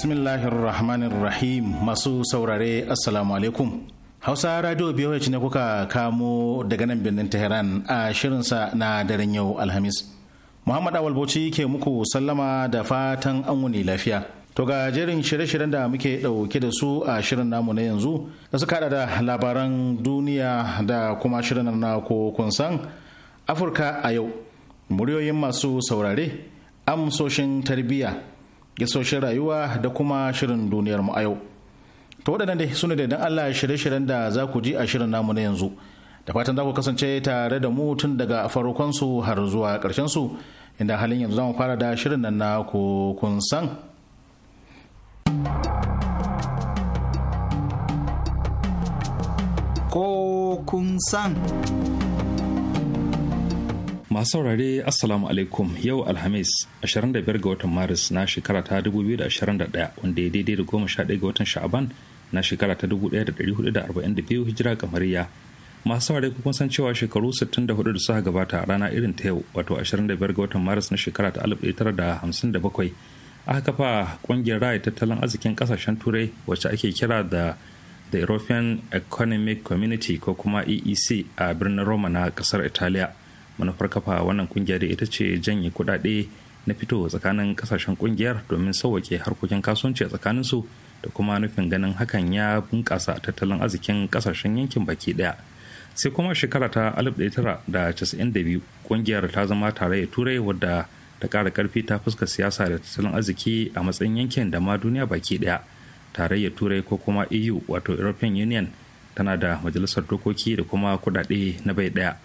Bismillahirrahmanirrahim masu saurare Assalamu alaikum. Hausa Radio BOH ne kuka kamo daga nan birnin Tehran a shirinsa na daren yau Alhamis. Muhammad Awal Bauchi ke muku sallama da fatan an lafiya. To ga jerin shirye-shiryen da muke ɗauke da su a shirin namu na yanzu da suka da da labaran duniya da kuma shirin na ko kun san Afirka a yau. Muryoyin masu saurare, amsoshin tarbiyya gisoshin rayuwa da kuma shirin duniyar mu a yau to waɗannan dai su ne da idan allah shirye-shiryen da za ku ji a shirin namu na yanzu da fatan za ku kasance tare da mu tun daga farkon su har zuwa ƙarshen su inda halin yanzu za mu fara da shirin nan na ku kun san ko kun san masu saurare assalamu alaikum yau alhamis 25 ga watan maris na shekara ta 2021 wanda ya daidai da 11 ga watan sha'aban na shekara ta 1442 hijira kamariya masu saurare kun san cewa shekaru 64 da suka gabata a rana irin ta yau wato 25 ga watan maris na shekara ta 1957 aka kafa kungiyar raya tattalin arzikin kasashen turai wacce ake kira da the european economic community ko kuma eec a birnin roma na kasar italiya manufar kafa wannan kungiya da ita ce janye kudade na fito tsakanin kasashen kungiyar domin sauwake harkokin kasuwanci a su da kuma nufin ganin hakan ya bunkasa tattalin arzikin kasashen yankin baki daya sai kuma shekara ta 1992 kungiyar ta zama tarayyar turai wadda ta kara karfi ta fuska siyasa da tattalin arziki a matsayin yankin da ma duniya baki ɗaya tarayyar turai ko kuma eu wato european union tana da majalisar dokoki da kuma kudade na bai daya.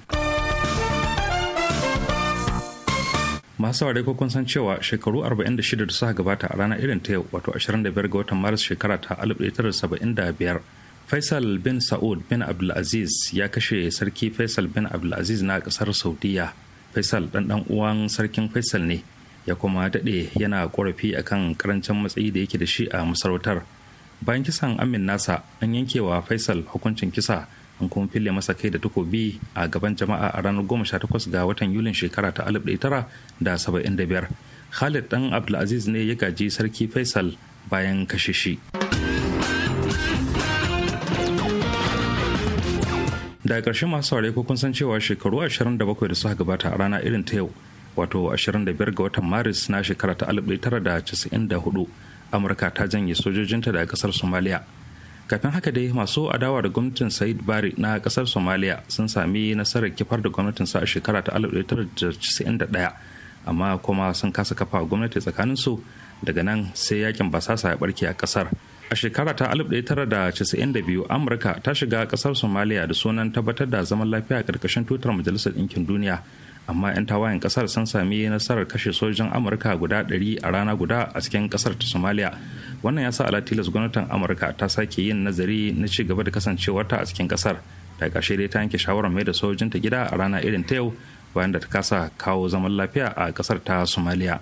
masu saurare ko kun san cewa shekaru 46 da suka gabata a ranar irin ta yau wato 25 ga watan maris shekara ta 1975 faisal bin sa'ud bin abdulaziz ya kashe sarki faisal bin abdulaziz na kasar saudiya faisal ɗanɗan uwan sarkin faisal ne ya kuma daɗe yana ƙorafi akan karancin matsayi da yake da shi a masarautar bayan kisan amin nasa an yanke wa faisal hukuncin kisa an kuma fille masa kai da takobi a gaban jama'a a ranar goma sha 18 ga watan yulin shekara ta 1975 khalid dan abdulaziz ne ya gaji sarki faisal bayan kashe shi da ƙarshe masu saurari ko kun san cewa shekaru 27 da suka gabata a rana irin ta yau wato 25 ga watan maris na shekara ta hudu amurka ta janye sojojinta daga ƙasar somaliya kafin haka dai masu adawa da gwamnatin said bari na kasar somalia sun sami nasarar kifar da gwamnatin sa a shekara ta 1991 amma kuma sun kasa kafa gwamnati tsakanin su daga nan sai yakin basasa ya barke a kasar a shekara ta 1992 amurka ta shiga kasar somalia da sunan tabbatar da zaman lafiya a ƙarƙashin tutar majalisar ɗinkin duniya amma 'yan tawayen kasar sun sami nasarar kashe sojojin amurka guda 100 a rana guda a cikin kasar ta somalia wannan ya sa alatilas gwamnatin amurka ta sake yin nazari na ci gaba da kasancewarta a cikin kasar da kashe dai ta yanke shawarar mai da sojojinta gida a rana irin ta yau bayan da ta kasa kawo zaman lafiya a kasar ta somalia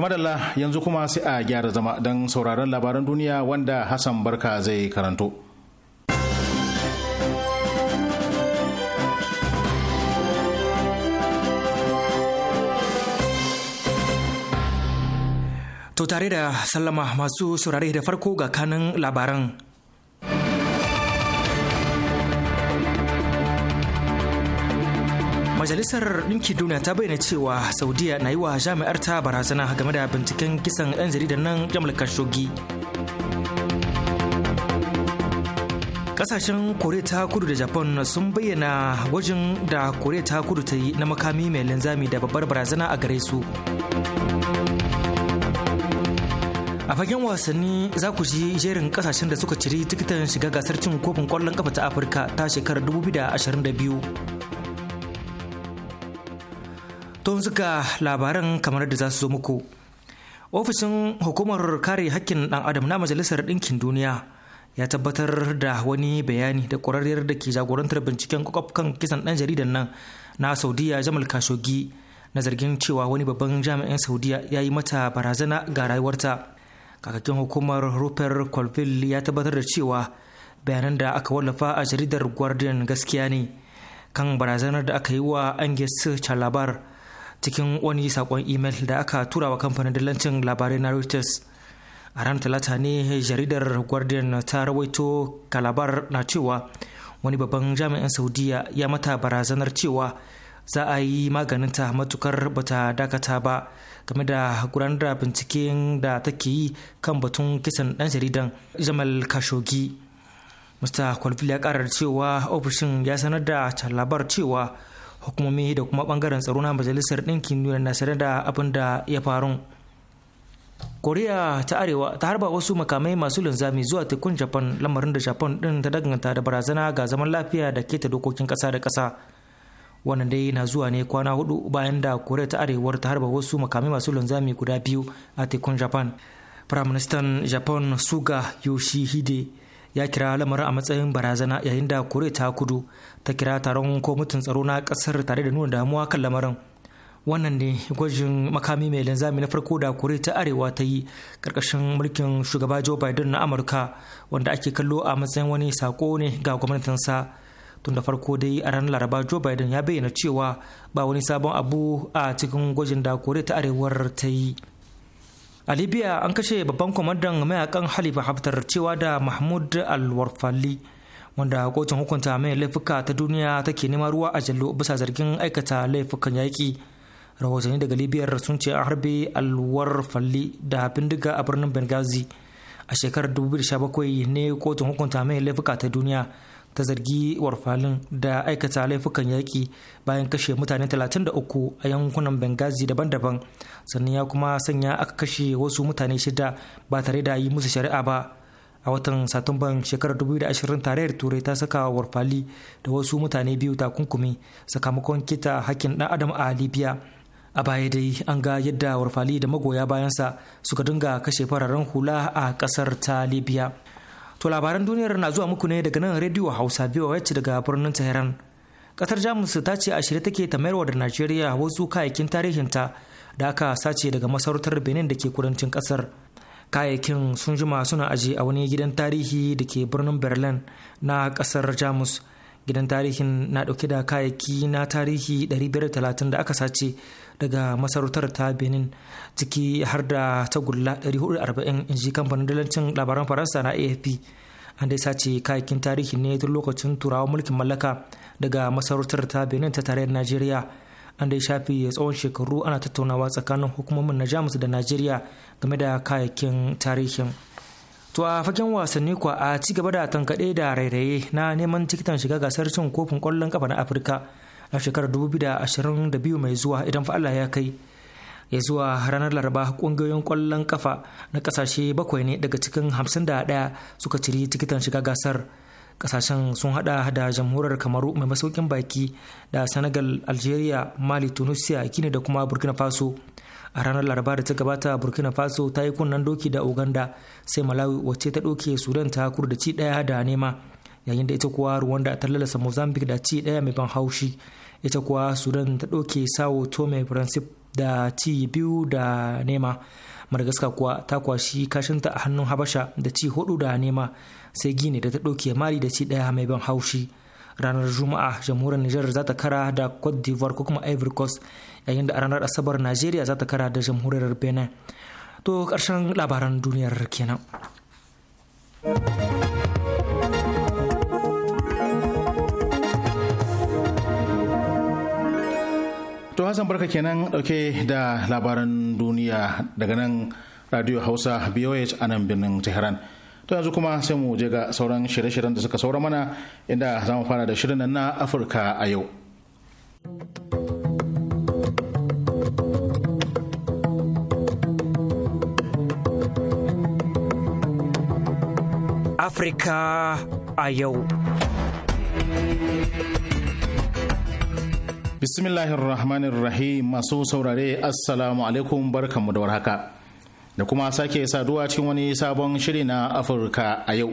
madalla yanzu kuma sai a gyara zama don sauraron labaran duniya wanda hassan barka zai karanto to tare da sallama masu saurare da farko ga kanin labaran majalisar ɗinki duniya ta bayyana cewa saudiya na yi wa jami'ar ta barazana game da binciken kisan 'yan jaridar nan jamal khashoggi kasashen korea ta kudu da japan sun bayyana gwajin da korea ta kudu ta yi na makami mai linzami da babbar barazana a gare su a fagen wasanni za ku ji jerin kasashen da suka ciri tikitan shiga gasar cin kofin kwallon kafa ta afirka ta shekarar 2022 to suka labaran kamar da za su zo muku ofishin hukumar kare hakkin ɗan adam na majalisar ɗinkin duniya ya tabbatar da wani bayani da ƙwararriyar da ke jagorantar binciken kan kisan ɗan jaridan nan na saudiya jamal kashogi na zargin cewa wani babban jami'in saudiya ya yi mata barazana ga rayuwarta kakakin hukumar rupert colville ya tabbatar da cewa bayanan da aka wallafa a jaridar guardian gaskiya ne kan barazanar da aka yi wa angus chalabar cikin wani sakon imel da aka tura wa kamfanin dillancin labarai na reuters a ranar talata ne jaridar guardian ta rawaito kalabar na cewa wani babban jami'in saudiya ya mata barazanar cewa za a yi maganin ta matukar bata dakata ba game da gudanar da binciken da take yi kan batun kisan dan jaridan jamal kashogi mr Kwalfil ya karar cewa ofishin ya sanar da labar cewa hukumomi da kuma bangaren tsaro na majalisar ɗinkin duniya na sanar da abin da ya faru koriya ta arewa ta harba wasu makamai masu linzami zuwa tekun japan lamarin da japan ɗin ta danganta da barazana ga zaman lafiya da keta dokokin kasa da kasa wannan dai na zuwa ne kwana hudu bayan da koriya ta arewa ta harba wasu makamai masu linzami guda biyu a tekun japan firaministan japan suga yoshihide ya kira lamarin a matsayin barazana yayin da kore ta kudu ta kira taron kwamitin tsaro na kasar tare da nuna damuwa kan lamarin wannan ne gwajin makami mai linzami na farko da kore ta arewa ta yi karkashin mulkin shugaba joe biden na amurka wanda ake kallo a matsayin wani sako ne ga gwamnatinsa tun da farko dai a ranar laraba joe biden ya bayyana cewa ba wani sabon abu a cikin gwajin da kore ta arewar ta yi a libya an kashe babban kwamandan mayakan halifa haftar cewa da mahmud al-warfali wanda kotun hukunta mai laifuka ta duniya take neman ruwa a jallo bisa zargin aikata laifukan yaƙi rahotanni daga libyar sun ce an harbe alwarfalli da bindiga a birnin benghazi a shekarar 2017 ne kotun hukunta mai laifuka ta duniya ta zargi warfalin da aikata laifukan yaƙi bayan kashe mutane 33 a yankunan bengazi daban-daban sannan ya kuma sanya aka kashe wasu mutane shida ba tare da yi musu shari'a ba a watan satumban shekarar 2020 tarayyar turai ta saka warfali da wasu mutane biyu takunkumi sakamakon kita hakkin ɗan adam a libya a baya dai an ga yadda warfali da magoya bayansa suka dinga kashe fararen hula a kasar ta libya To labaran duniyar na zuwa muku ne daga nan rediyo Hausa VOH daga birnin Tehran. Kasar Jamus ta ce a shirye take ta mayarwa da Najeriya wasu kayayyakin tarihinta da aka sace daga masarautar Benin da ke kudancin kasar. Kayayyakin sun jima suna aje a wani gidan tarihi da ke birnin Berlin na kasar Jamus. Gidan tarihin na dauke da kayayyaki na tarihi 530 da aka sace daga masarautar ta benin ciki har da tagulla 440 inji kamfanin dalancin labaran faransa na afp an dai sace kayakin tarihi ne tun lokacin turawa mulkin mallaka daga masarautar ta benin ta tarayyar najeriya an dai shafi tsawon shekaru ana tattaunawa tsakanin hukumomin na jamus da najeriya game da kayakin tarihin To a fagen wasanni kuwa a ci gaba da tankaɗe da rairaye na neman tikitan shiga gasar cin kofin ƙwallon ƙafa na Afirka a shekarar da biyu mai zuwa idan fa Allah ya kai ya zuwa ranar laraba kungiyoyin kwallon kafa na kasashe bakwai ne daga cikin 51 suka ciri tikitan shiga gasar kasashen sun hada da jamhuriyar kamaru mai masaukin baki da senegal algeria mali tunisia gini da kuma burkina faso a ranar laraba da ta gabata burkina faso ta yi kunnen doki da uganda sai malawi wacce ta doke sudan ta da ci daya da nema yayin da ita kuwa ruwanda ta lalasa mozambique da ci daya mai ban haushi ita kuwa sudan ta ɗauke sao tome princip da ci biyu da nema madagascar kuwa ta kwashi kashinta a hannun habasha da ci hudu da nema sai gini da ta ɗauke mali da ci ɗaya mai ban haushi ranar juma'a jamhuriyar niger za ta kara da cote d'ivoire ko kuma ivory coast yayin da ranar asabar nigeria za ta kara da jamhuriyar benin to karshen labaran duniyar kenan To Hassan barka kenan dauke da labaran duniya daga nan Radio Hausa BOH a nan birnin Tehran. To yanzu kuma sai mu je ga sauran shirye-shiryen da suka saura mana inda za mu fara da shirin nan na Afirka a yau. Afirka a yau. bismillahirrahmanirrahim masu saurare assalamu alaikum barkanmu da warhaka da kuma sake saduwa cikin wani sabon shiri na afirka a yau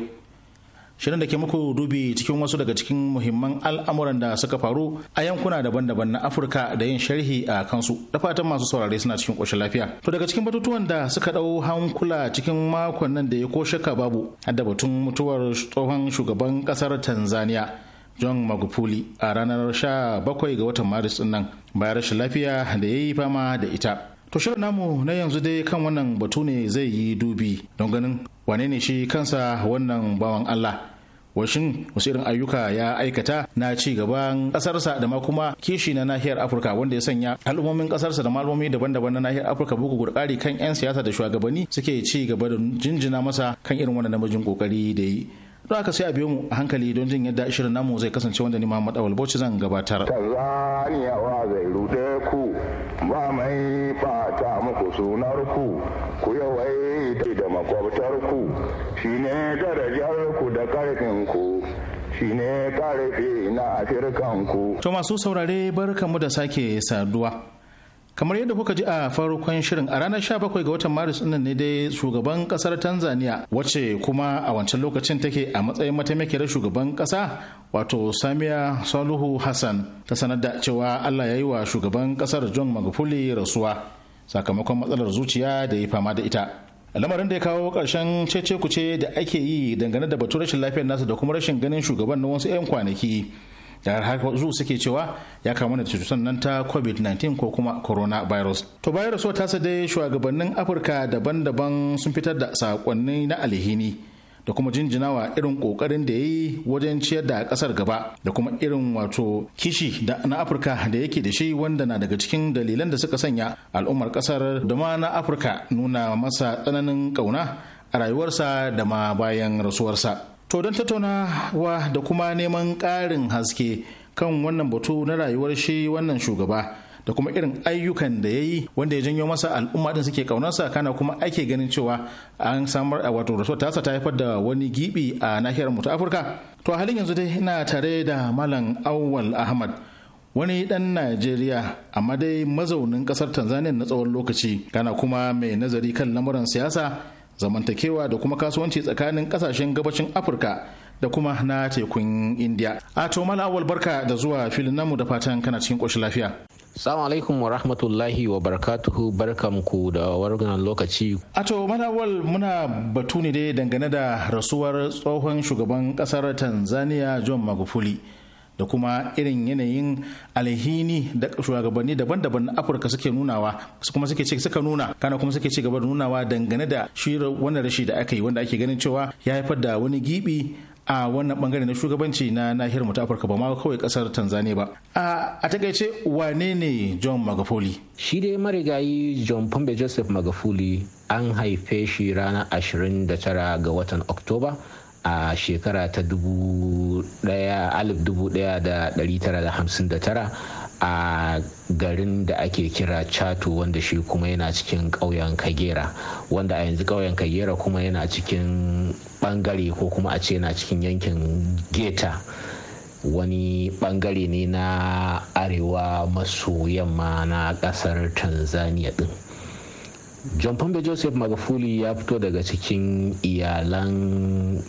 shirin da ke muku dubi cikin wasu daga cikin muhimman al'amuran da suka faru a yankuna daban-daban na afirka da yin sharhi a kansu da fatan masu saurare suna cikin ƙoshin lafiya to daga cikin batutuwan da suka ɗau hankula cikin makon nan da ya ko shakka babu hadda batun mutuwar tsohon shugaban ƙasar tanzania john magufuli a ranar 17 ga watan maris din nan bayan rashin lafiya da ya yi fama da ita to shirin namu na yanzu dai kan wannan batu ne zai yi dubi don ganin wane ne shi kansa wannan bawan allah washin wasu irin ayyuka ya aikata na ci gaban kasarsa da ma kuma kishi na nahiyar afirka wanda ya sanya al'ummomin kasarsa da malumomi daban-daban na nahiyar afirka bugu gurkari kan 'yan siyasa da shugabanni suke ci gaba da jinjina masa kan irin wannan namijin kokari da yi don haka sai a biyo mu a hankali don jin yadda shirin namu zai kasance wanda ni Muhammad Awal Bauchi zan gabatar. Tanzania wa zai ku ba mai bata muku sunar ku ku yawai da makwabtar ku shine darajar ku da karfin ku shine karfi na afirkan ku. To masu saurare barkamu da sake saduwa. kamar yadda kuka ji a farkon shirin a ranar 17 ga watan maris ɗin ne dai shugaban kasar tanzania wace kuma a wancan lokacin take a matsayin mataimakiyar shugaban kasa wato samiya saluhu hassan ta sanar da cewa allah ya yi wa shugaban kasar john magufuli rasuwa sakamakon matsalar zuciya da ya fama da ita lamarin da ya kawo ƙarshen cece kuce da ake yi dangane da batun rashin lafiyar nasa da kuma rashin ganin shugaban na wasu 'yan kwanaki da har zu suke cewa ya kamu da cutar nan ta covid-19 ko kuma coronavirus to virus rasuwa tasa dai shugabannin afirka daban-daban sun fitar da sakonni na alhini da kuma jinjinawa irin kokarin da ya yi wajen ciyar da kasar gaba da kuma irin wato kishi da na afirka da yake da shi wanda na daga cikin dalilan da suka sanya al'ummar kasar da ma na afirka nuna masa tsananin kauna a rayuwarsa da ma bayan rasuwarsa To don tattaunawa da kuma neman ƙarin haske kan wannan batu na rayuwar shi wannan shugaba da kuma irin ayyukan da ya yi wanda ya janyo masa al'umma din suke kaunarsa kana kuma ake ganin cewa an samar a wato rasuwar tasa ta haifar da wani gibi a nahiyar mu ta afirka to halin yanzu dai ina tare da malam awwal ahmad wani dan najeriya amma dai mazaunin kasar tanzania na tsawon lokaci kana kuma mai nazari kan lamuran siyasa zamantakewa da kuma kasuwanci tsakanin kasashen gabashin afirka da kuma na tekun indiya a to awal barka da zuwa filin namu da fatan kana cikin koshi lafiya Salamu alaikum wa rahmatullahi wa barakatuhu barkanku da wargunan lokaci. Ato manawal muna batu ne dai dangane da rasuwar tsohon shugaban kasar Tanzania John Magufuli. da kuma irin yanayin alhini da shugabanni daban-daban na afirka suke nunawa kuma suke ce suka nuna kana kuma suke ci gaba da nunawa dangane da shirya wannan rashi da aka yi wanda ake ganin cewa ya haifar da wani gibi a wannan bangare na shugabanci na nahiyar mu ta afirka ba ma kawai kasar tanzania ba a takaice wane ne john magafuli shi dai marigayi john pombe joseph magafuli an haife shi ranar 29 ga watan oktoba a shekara ta 1959 a garin da ake kira chato wanda shi kuma yana cikin ƙauyen kagera wanda a yanzu ƙauyen kagera kuma yana cikin bangare ko kuma a ce yana cikin yankin geta wani ɓangare ne na arewa maso yamma na ƙasar tanzania din john pombe joseph magufuli ya fito daga cikin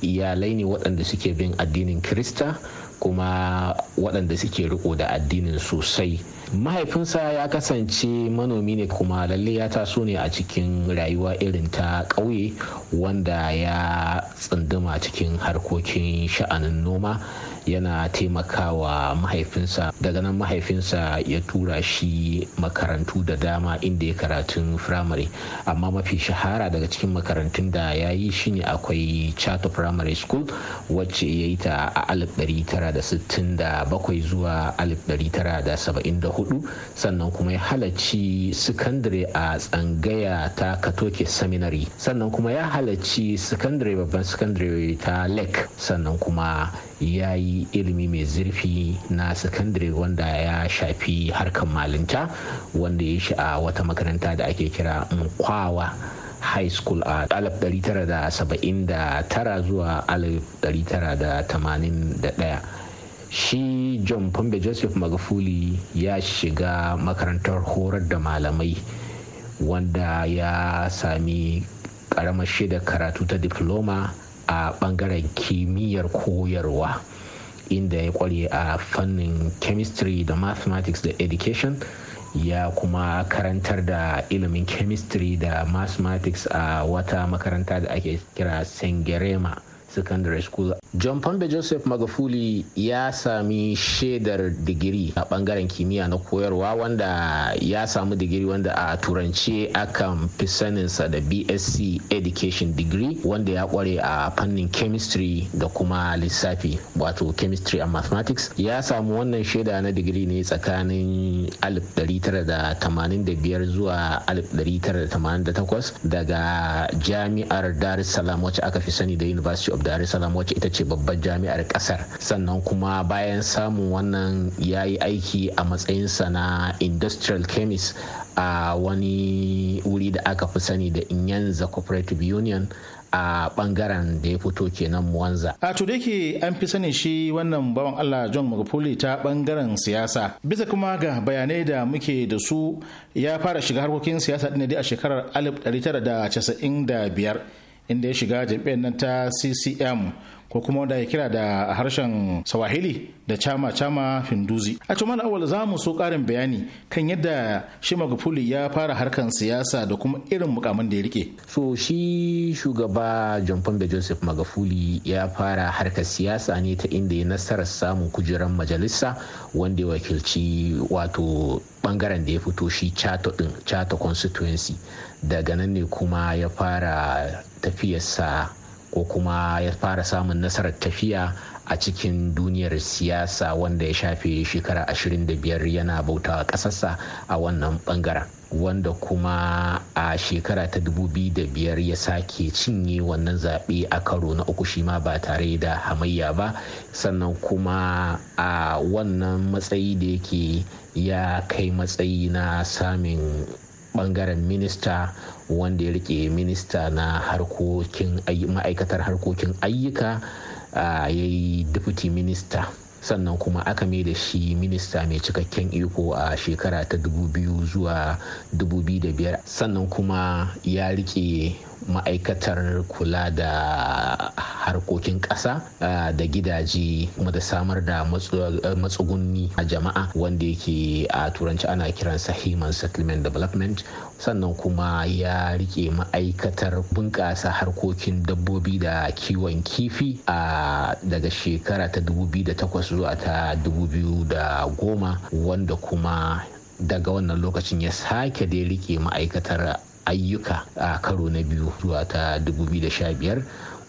iyalai ne waɗanda suke bin addinin krista kuma waɗanda suke riko da addinin sosai mahaifinsa ya kasance manomi ne kuma lalle ya taso ne a cikin rayuwa irin ta ƙauye wanda ya tsunduma cikin harkokin sha'anin noma yana taimakawa mahaifinsa daga nan mahaifinsa ya tura shi makarantu da dama inda ya karatun firamare amma mafi shahara daga cikin makarantun da ya yi shi ne akwai chato primary school wacce ya yi ta a 1967 zuwa 1974 sannan kuma ya halarci sakandare a tsangaya ta katoke seminary sannan kuma ya halarci sakandare babban sakandare ta lake sannan kuma ya yi ilimi mai zurfi na sakandare wanda ya shafi harkar malinta wanda ya shi a wata makaranta da ake kira mkwawa high school a 1979 zuwa 1981 shi john pombe joseph magufuli ya shiga makarantar horar da malamai wanda ya sami karamar shaidar karatu ta diploma a bangaren kimiyyar koyarwa inda ya kware a fannin chemistry da mathematics da education ya kuma karantar da ilimin chemistry da mathematics a wata makaranta da ake kira sengerema secondary school john pombe joseph magafuli ya sami shaidar digiri a bangaren kimiyya na koyarwa wanda ya samu digiri wanda a turanci akan fi saninsa da bsc education degree wanda ya kware a fannin chemistry da kuma lissafi wato chemistry and mathematics ya samu wannan shaida na digiri ne tsakanin 1985 zuwa 1988 daga jami'ar dar es salaam wacce aka fi sani da university of of dar es salaam wacce ita ce babbar jami'ar kasar sannan kuma bayan samun wannan ya yi aiki a matsayinsa na industrial chemist a wani wuri da aka fi sani da inyanza cooperative union a bangaren da ya fito kenan muwanza. A to da yake an fi sanin shi wannan bawan Allah John Magufuli ta bangaren siyasa. Bisa kuma ga bayanai da muke da su ya fara shiga harkokin siyasa ɗin a shekarar 1995. inda ya shiga jam'iyyar nan ta ccm ko kuma wanda ya kira da harshen swahili da chama chama hinduzi a cikin wani awal za mu so karin bayani kan yadda shi magufuli ya fara harkan siyasa da kuma irin mukamin da ya rike so shi shugaba john pombe joseph magufuli ya fara harkar siyasa ne ta inda ya nasarar samun kujerar majalisa wanda ya wakilci wato bangaren da ya fito shi chato din chato constituency daga nan ne kuma ya fara tafiyarsa ko kuma ya fara samun nasarar tafiya a cikin duniyar siyasa wanda ya shafe shekara 25 yana bauta a ƙasarsa a wannan bangaren wanda kuma a shekara ta 2005 ya sake cinye wannan zaɓe a karo na uku shi ba tare da hamayya ba sannan kuma a wannan matsayi da yake ya kai matsayi na samun bangaren minista wanda ya rike minista na harkokin ma'aikatar harkokin ayyuka ya yi deputy minista sannan kuma aka mai da shi minista mai cikakken iko a shekara ta 2000 zuwa 2005 sannan kuma ya rike ma'aikatar kula da harkokin ƙasa ah, da gidaje kuma da samar da eh, matsugunni a jama'a wanda yake a turanci ana kiransa human settlement development sannan kuma ya rike ma'aikatar bunƙasa harkokin dabbobi da kiwon kifi a daga shekara ta 2008 zuwa ta 2010 wanda kuma daga wannan lokacin ya sake da ya rike ma'aikatar ayyuka a karo na biyu zuwa ta 2015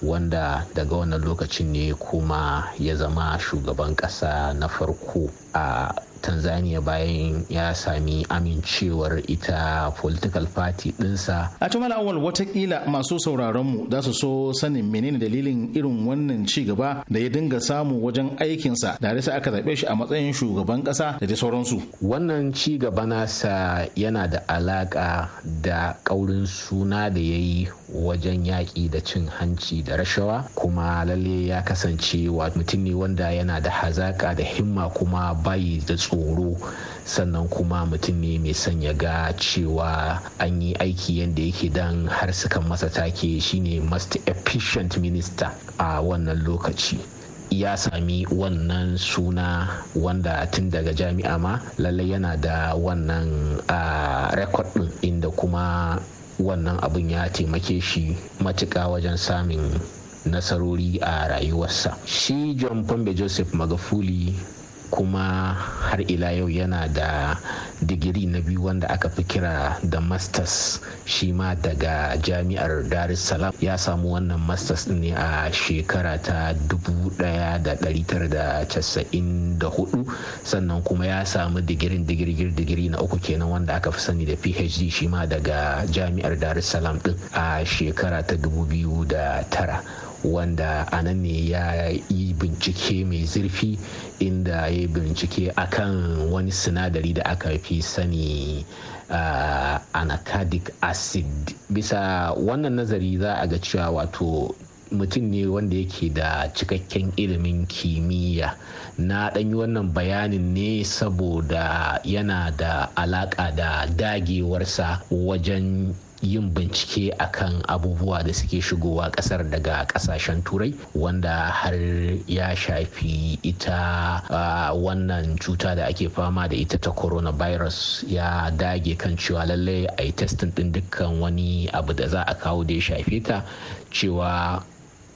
wanda daga wannan lokacin ne kuma ya zama shugaban ƙasa na farko a tanzania bayan ya sami amincewar ita political party dinsa a tumala awal watakila masu sauraronmu za su so sanin menene dalilin irin wannan ci gaba da ya dinga samu wajen aikinsa da sai aka zaɓe shi a matsayin shugaban ƙasa da dai sauransu wannan ci gaba nasa yana da alaƙa da ƙaurin suna da ya yi wajen yaƙi da cin hanci da rashawa kuma lalle ya kasance wa mutum ne wanda yana da hazaƙa da himma kuma bayi da tsoro sannan kuma mutum ne mai son ya ga cewa an yi aiki yadda yake dan har sukan masa take shine most efficient minister a wannan lokaci ya sami wannan suna wanda tun daga jami'a ma lallai yana da wannan rekod din inda kuma wannan abin ya taimake shi matuƙa wajen samun nasarori a rayuwarsa shi john pombe joseph magafuli kuma har ila yau yana da digiri na biyu wanda aka fi kira da masters shi ma daga jami'ar dar es salaam ya samu wannan masters ne a shekara ta 1994 sannan kuma ya samu digirin digirgir digiri na uku kenan wanda aka fi sani da phd shi ma daga jami'ar dar es salaam din a shekara ta 2009 wanda a nan ne ya yi bincike mai zurfi inda ya yi bincike akan wani sinadari da aka fi sani uh, ah, anacardic acid bisa wannan nazari za a ga cewa wato mutum ne wanda yake da cikakken ilimin kimiyya na ɗanyi wannan bayanin ne saboda yana da alaƙa da dagewarsa wajen yin bincike akan abubuwa da suke shigowa kasar daga kasashen turai wanda har ya shafi ita wannan cuta da ake fama da ita ta coronavirus ya dage kan cewa lallai a yi testin din dukkan wani abu da za a kawo da ya shafe ta cewa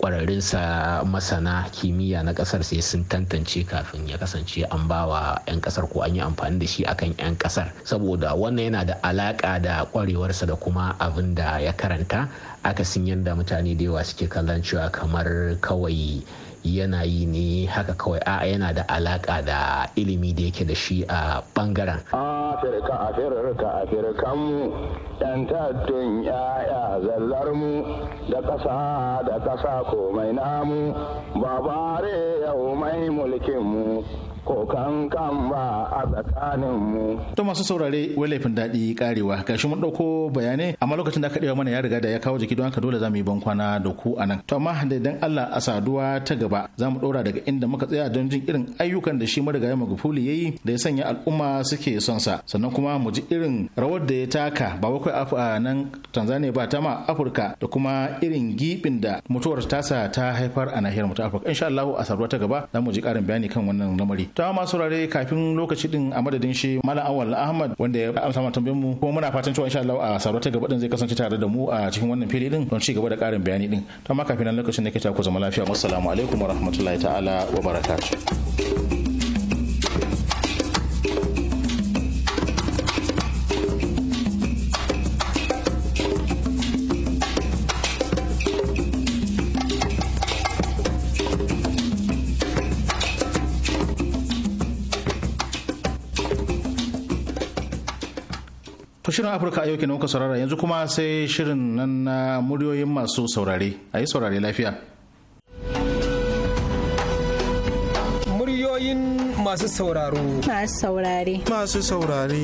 kwararrun sa masana kimiyya na ƙasar sai sun tantance kafin ya kasance an bawa 'yan ƙasar ko an yi amfani da shi akan 'yan ƙasar saboda wannan yana da alaƙa da ƙwarewarsa da kuma abin da ya karanta aka akasin yadda mutane da yawa suke kallon cewa kamar kawai yana yi ne haka kawai a yana da alaka da ilimi da yake da shi a bangaren afirka afirka mu yan tattun yaya zallar mu da ƙasa da ƙasa komai namu babare yau mai mulkin mu kokan kan ba a tsakaninmu. To masu saurare wai laifin daɗi karewa gashi mun ɗauko bayanai amma lokacin da aka ɗewa mana ya riga da ya kawo jiki don haka dole za mu yi bankwana da ku a nan. To amma da idan Allah a saduwa ta gaba za mu ɗora daga inda muka tsaya don jin irin ayyukan da shi marigayi Magufuli ya yi da ya sanya al'umma suke son sa sannan kuma mu ji irin rawar da ya taka ba kai a nan Tanzania ba ta ma Afirka da kuma irin gibin da mutuwar tasa ta haifar a nahiyar mu ta Afirka. Insha Allah a saduwa ta gaba za mu ji ƙarin bayani kan wannan lamari. ta masu rare kafin lokaci din a madadin shi malam awal ahmad wanda ya amsa ma tambayin mu kuma muna fatan cewa insha Allah a ta gaba din zai kasance tare da mu a cikin wannan fili din don ci gaba da karin bayani din ta ma kafin nan lokacin da kake ta ku zama lafiya assalamu alaikum wa rahmatullahi ta'ala wa barakatuh shirin Afirka a yau kenan kuka saurara yanzu kuma sai shirin nan na muryoyin masu saurare. A yi saurare lafiya. Muryoyin masu sauraro. Masu saurare. Masu saurare.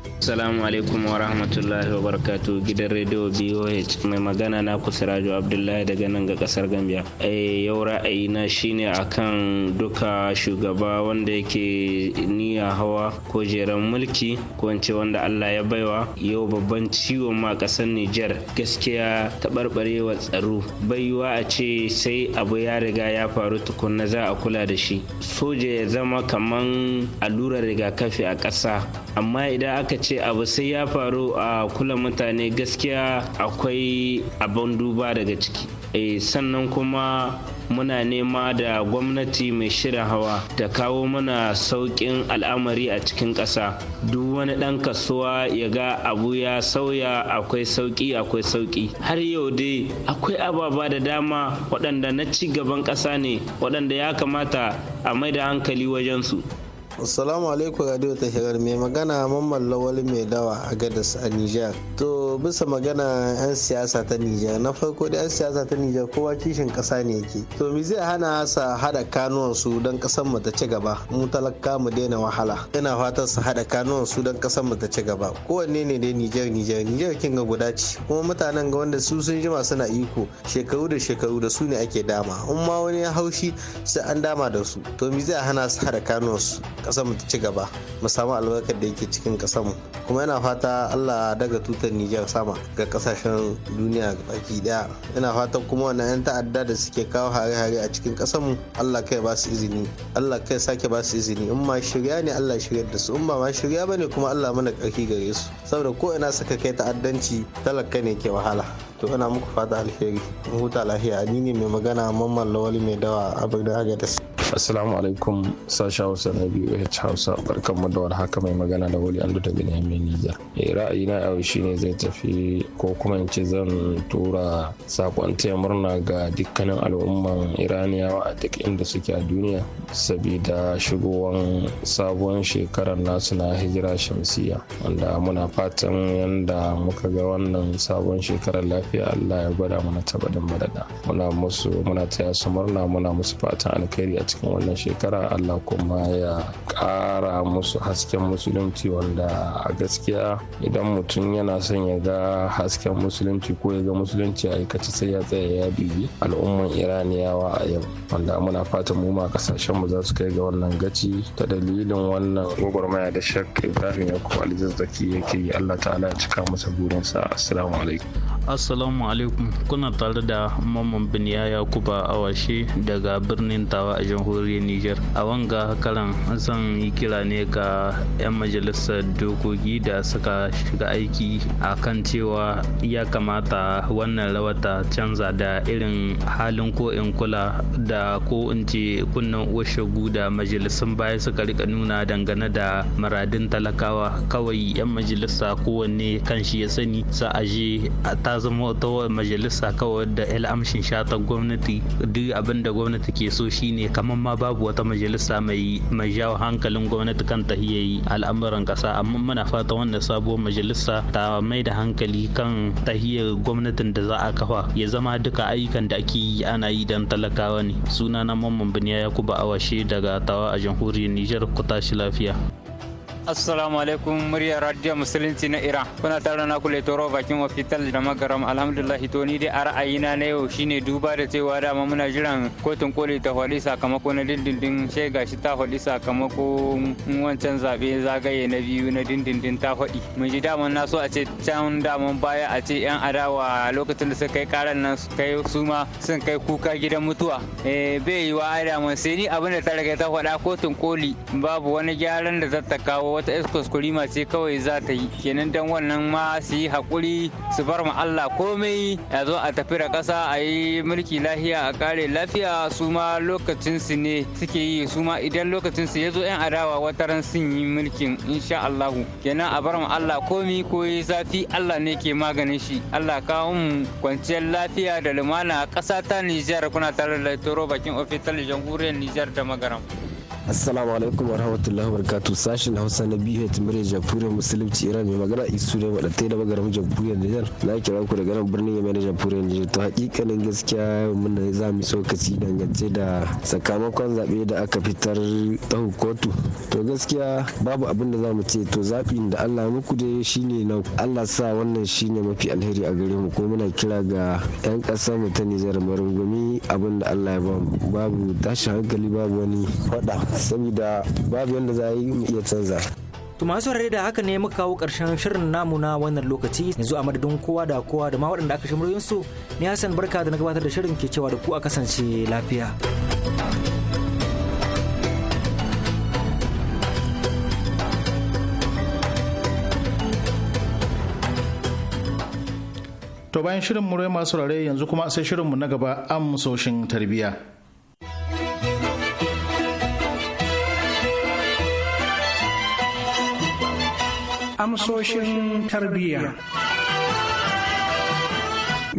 Salamu alaikum wa rahmatullahi wa barakatu! gidan rediyo BOH mai magana na Siraju Abdullahi daga nan ga kasar Gambia. Eh, yau ra'ayi na shine akan duka shugaba wanda yake niyya hawa ko jeren mulki ko wance wanda Allah ya baiwa yau babban ciwon ma kasar Niger gaskiya taɓarɓarewa tsaro baiwa a ce sai abu ya riga ya faru tukunna za a kula da shi. Soja ya zama kaman allurar rigakafi a ƙasa amma idan aka ce ce abu sai ya faru a kula mutane gaskiya akwai abin duba daga ciki e, sannan kuma muna nema da gwamnati mai shirin hawa ta kawo mana sauƙin al'amari a cikin ƙasa duk wani ɗan kasuwa ya ga abu ya sauya akwai sauƙi akwai sauƙi har yau dai akwai ababa da dama waɗanda na ci gaban ƙasa ne waɗanda ya kamata a mai da hankali wajensu Assalamu alaikum radio ta hirar mai magana mamman lawali mai dawa a gadas a Nijar. To bisa magana 'yan siyasa ta Nijar na farko da 'yan siyasa ta Nijar kowa kishin kasa ne yake. To mi zai hana sa hada kanuwan su don kasan mu ta ci gaba mu talaka mu daina wahala. Ina fatan su hada kanuwan su don kasan mu ta ci gaba. Kowanne ne dai Nijar Nijar Nijar kin ga guda ci. kuma mutanen ga wanda su sun jima suna iko shekaru da shekaru da su ne ake dama. In wani ya haushi sai an dama da su. To mi zai hana su hada kanuwan su. kasar mu ta ci gaba mu samu albarkar da yake cikin kasar mu kuma ina fata Allah daga tutar Nijar sama ga kasashen duniya baki daya ina fata kuma wannan yan ta'adda da suke kawo hare-hare a cikin kasar mu Allah kai ba su izini Allah kai sake ba su izini in ma shirya ne Allah shirya da su in ba ma shirya bane kuma Allah mana karfi gare su saboda ko ina saka kai ta'addanci talaka ne ke wahala to ina muku fata alheri huta lafiya ni ne mai magana mamman lawali mai dawa a birnin agadas Assalamu alaikum sasha Hausa na BOH Hausa barkan mu da warhaka mai magana da wuri an da Benjamin Niger. Eh, Ra'ayi na yau shine zai tafi ko kuma in ce zan tura sakon taya murna ga dukkanin al'umman Iraniyawa a duk inda suke a duniya sabida shigowan sabuwar shekarar nasu na hijira shamsiya wanda muna fatan yanda muka ga wannan sabon shekarar lafiya Allah ya gwada mana tabadin madada muna musu muna taya su murna muna musu fatan alkhairi a cikin kafin wannan shekara allah kuma ya ƙara musu hasken musulunci wanda a gaskiya idan mutum yana son ya ga hasken musulunci ko ya ga musulunci a aikace sai ya tsaya ya bibi al'umman iraniyawa a yau wanda muna fata mu ma kasashen mu za su kai ga wannan gaci ta dalilin wannan gwagwarmaya da shak ibrahim ya kuma alizazzaki yake yi allah ta'ala ya cika masa burinsa assalamu alaikum assalamu alaikum kuna tare da mamman biniya yakuba awashe daga birnin tawa a jamhuriyar niger a wanga karan zan yi kira ne ga 'yan majalisar dokoki da suka shiga aiki a kan cewa ya kamata wannan rawa ta canza da irin halin ko in kula da ko in ce kunnan uwashagu da majalisun baya suka rika nuna dangane da maradin talakawa kawai 'yan majalisa kowanne kan shi ya sani sa a ta zama wata majalisa kawai da amshin shata gwamnati duk abin da gwamnati ke so shine kamar ma babu wata majalisa mai mai jawo hankalin gwamnati kan ta yi al'amuran kasa amma muna fata wannan sabuwar majalisa ta mai da hankali kan tahiyar gwamnatin da za a kafa ya zama duka ayyukan da ake yi ana yi don talakawa ne sunana mamman biniya yakuba awashe daga tawa a jamhuriyar nijar ku tashi lafiya assalamu alaikum muryar radio musulunci na iran kuna tare na kule toro bakin wafital da magaram alhamdulillah to ni dai a ra'ayina na yau shine duba da cewa dama muna jiran kotun koli ta faɗi sakamako na dindindin sai gashi ta faɗi sakamako wancan zabe zagaye na biyu na dindindin ta faɗi mun ji daman na so a ce can daman baya a ce yan adawa lokacin da suka kai karan nan su kai su ma sun kai kuka gidan mutuwa eh bai yi wa sai ni abin da ta riga ta faɗa kotun koli babu wani gyaran da zata kawo wata Eskos kuskurima ce kawai za ta yi kenan dan wannan ma su yi hakuri su bar mu Allah komai ya zo a tafi da ƙasa a yi mulki lafiya a kare lafiya su ma lokacin su ne suke yi su ma idan lokacin su ya zo yan adawa ran sun yi mulkin insha Allah kenan a bar mu Allah komai ko yi zafi Allah ne ke maganin shi Allah kawo mu kwanciyar lafiya da lumana a ƙasa ta Nijar kuna tare da Toro bakin talabijin jamhuriyar Nijar da Magaram. assalamu alaikum wa wabarakatuh wa sashen hausa na biyu ta murya jamhuriyar musulunci iran mai magana isu ne yi da magaram jamhuriyar nijar na kira ku daga nan birnin yamma na jamhuriyar nijar to hakikanin gaskiya mun da za mu tsokaci dangance da sakamakon zaɓe da aka fitar ta kotu to gaskiya babu abin da za mu ce to zaɓin da allah muku dai shine na allah sa wannan shine mafi alheri a gare mu ko muna kira ga 'yan ƙasa mu ta nijar marungumi abin da allah ya mu babu tashin hankali babu wani faɗa saboda babu yadda za a yi mu iya canza To masu saurare da haka ne muka kawo karshen shirin namu na wannan lokaci yanzu a madadin kowa da kowa da ma waɗanda aka shimriyin su ni Hassan barka da na gabatar da shirin ke cewa da ku a kasance lafiya. To bayan shirin mure masu rare yanzu kuma sai mu na gaba amsoshin tarbiyya. amsoshin tarbiyya.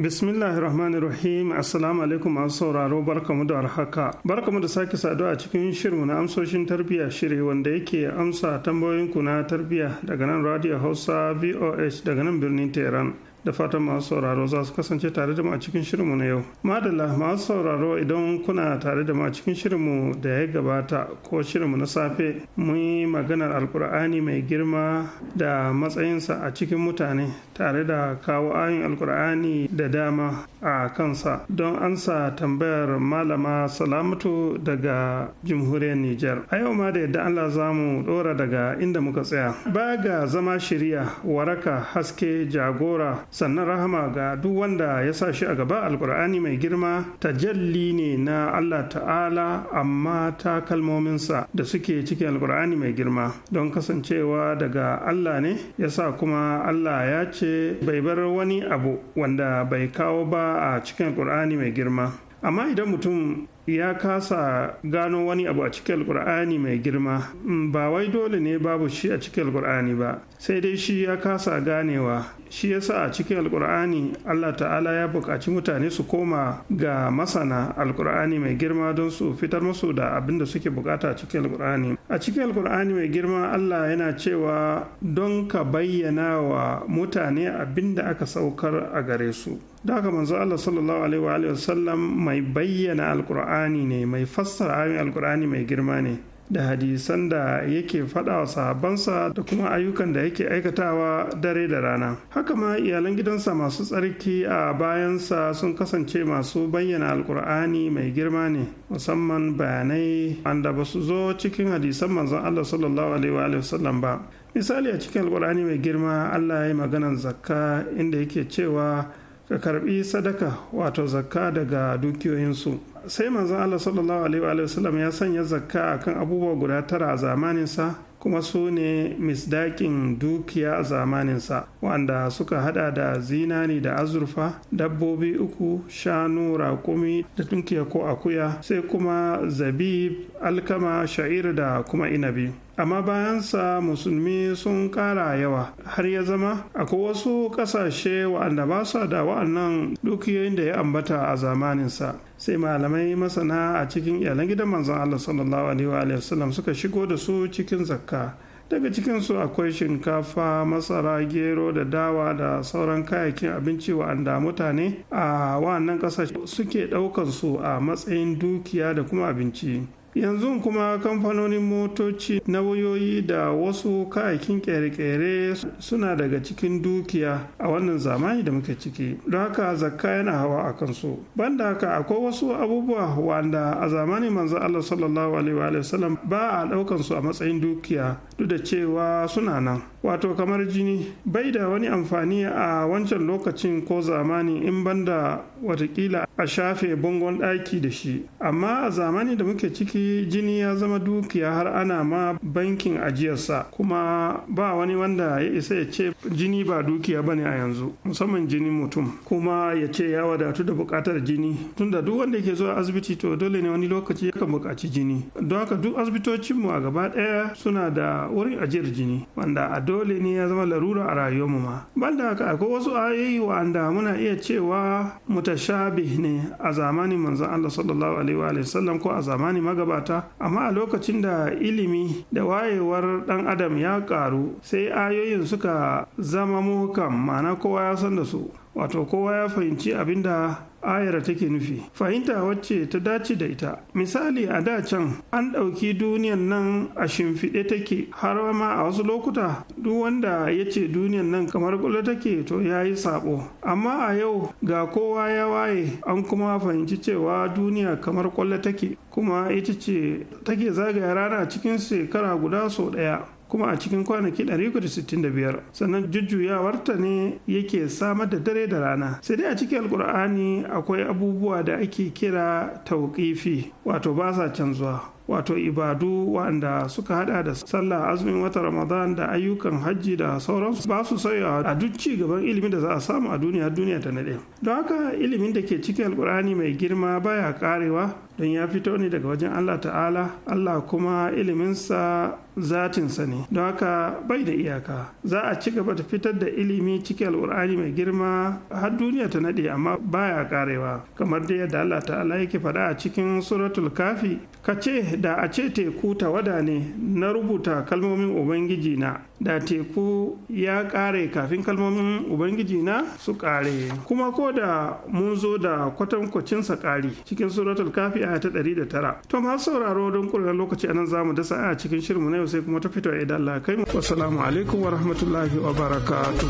bismillahir rahmanir rahim assalamu alaikum masu sauraro barkamu da warhaka barkamu da sake saduwa a cikin shirmu na amsoshin tarbiyya shiri wanda yake amsa tambayoyinku na tarbiyya daga nan radio hausa voh daga nan birnin tehran da fatan masu sauraro za su kasance tare da mu a cikin shirinmu na yau. Madalla masu sauraro idan kuna tare da mu a cikin shirinmu da ya gabata ko shirinmu na safe mun yi maganar alkur'ani mai girma da matsayinsa a cikin mutane tare da kawo ayin alkur'ani da dama a kansa don ansa tambayar malama salamatu daga jamhuriyar Nijar. A yau ma da yadda Allah za mu ɗora daga inda muka tsaya. Ba ga zama shirya waraka haske jagora sannan rahama ga duk wanda ya sa shi a gaba alkur'ani mai girma tajalli ne na Allah ta'ala amma ta kalmominsa da suke cikin alkur'ani mai girma don kasancewa daga Allah ne ya sa kuma Allah ya ce bai bar wani abu wanda bai kawo ba a cikin alkur'ani mai girma amma idan mutum ya kasa gano wani abu a cikin alkur'ani mai girma mm, ba wai dole ne babu shi a cikin alkur'ani ba sai dai shi ya kasa ganewa shi yasa a cikin alkur'ani allah ta'ala ya buƙaci mutane su koma ga masana alkur'ani mai girma don su fitar musu da abin da suke bukata a cikin alkur'ani a cikin alkur'ani mai girma allah yana cewa don ka bayyana wa mutane abin da aka saukar a gare su da haka manzo Allah sallallahu alaihi wa sallam mai bayyana alkur'ani ne mai fassara ayoyin alkur'ani mai girma ne da hadisan da yake faɗa wa sahabbansa da kuma ayyukan da yake aikatawa dare da rana haka ma iyalan gidansa masu tsarki a bayansa sun kasance masu bayyana alkur'ani mai girma ne musamman bayanai wanda ba su zo cikin hadisan manzon Allah sallallahu alaihi wa sallam ba misali a cikin alkur'ani mai girma Allah ya yi maganan zakka inda yake cewa ka karbi sadaka wato zakka daga dukiyoyinsu sai manzon Allah sallallahu alaihi sallam ya sanya zakka akan abubuwa guda tara a zamaninsa kuma su ne misdakin dukiya a zamaninsa wanda suka hada da zinani da azurfa dabbobi uku shanu raƙumi da tunkiya ko akuya sai kuma zabib alkama sha'ir da kuma inabi amma bayansa musulmi sun ƙara yawa har ya zama akwai wasu ƙasashe wa'anda ba su da wa'annan dukiyoyin da ya ambata a zamaninsa sai malamai masana a cikin iyalan gidan manzon Allah sallallahu alaihi wa suka shigo da su cikin zakka daga cikinsu akwai shinkafa masara gero da dawa da sauran kayayyakin abinci wa'anda mutane a wa'annan ƙasashe suke su a matsayin dukiya da kuma abinci yanzu kuma kamfanonin motoci na wayoyi da wasu kayakin kere-kere suna daga cikin dukiya a wannan zamani da muke ciki don haka zakka yana hawa a kansu banda haka akwai wasu abubuwa wanda a zamani manzo Allah sallallahu alaihi wa sallam ba a daukan su a matsayin dukiya duk da cewa suna nan wato kamar jini bai da wani amfani a wancan lokacin ko zamani in banda watakila a shafe bangon ɗaki da shi amma a zamani da muke ciki jini ya zama dukiya har ana ma bankin ajiyarsa kuma ba wani wanda ya isa ya ce jini ba dukiya ba ne a yanzu musamman jini mutum kuma ya ce ya wadatu da buƙatar jini tunda duk wanda yake zuwa asibiti to dole ne wani lokaci yakan buƙaci jini don haka duk asibitocinmu a gaba ɗaya suna da wurin ajiyar jini wanda a dole ne ya zama larura a rayuwarmu ma da haka akwai wasu ayoyi wa'anda muna iya cewa mutashabih ne a zamanin manzon Allah sallallahu alaihi wa sallam ko a zamanin magabata amma a lokacin da ilimi da wayewar dan adam ya karu sai ayoyin suka zama muhkam ma'ana kowa ya san da su wato kowa ya fahimci abin da. ayar take nufi fahimta wacce ta dace da ita misali a da can an ɗauki duniyan nan a shimfiɗe take har ma a wasu lokuta duk wanda ya ce duniyan nan kamar kula take to ya yi sabo amma a yau ga kowa ya waye an kuma fahimci cewa duniya kamar kwallo take kuma ita ce take zagaya rana cikin shekara guda sau ɗaya kuma a cikin kwanaki 365 sannan jujjuyawarta ne yake samar da dare da rana sai dai a cikin alkur'ani akwai abubuwa da ake kira tauƙifi wato ba sa canzuwa wato ibadu waɗanda suka hada da sallah azumin wata ramadan da ayyukan hajji da sauransu ba su sauyawa a duk ci gaban ilimin da za a samu a duniya duniya ta naɗe don haka ilimin da ke cikin alkur'ani mai girma baya karewa don ya fito ne daga wajen Allah ta'ala Allah kuma iliminsa zatinsa ne don haka bai da iyaka za a ci gaba da fitar da ilimi cikin alkur'ani mai girma har duniya ta nade amma baya karewa kamar da yadda Allah ta'ala yake faɗa a cikin suratul kafi ka ce da a ce teku tawada ne na rubuta kalmomin ubangiji na da teku ya kare kafin kalmomin ubangiji na su kare. kuma ko da mun zo da kwatankwacinsa ƙari cikin suratul kafi aya ta ɗari da tara to ma sauraro don ƙuran lokaci anan zamu za mu dasa a cikin mu na yau sai kuma ta fito idan Allah kai mu assalamu alaikum wa rahmatullahi wa barakatuh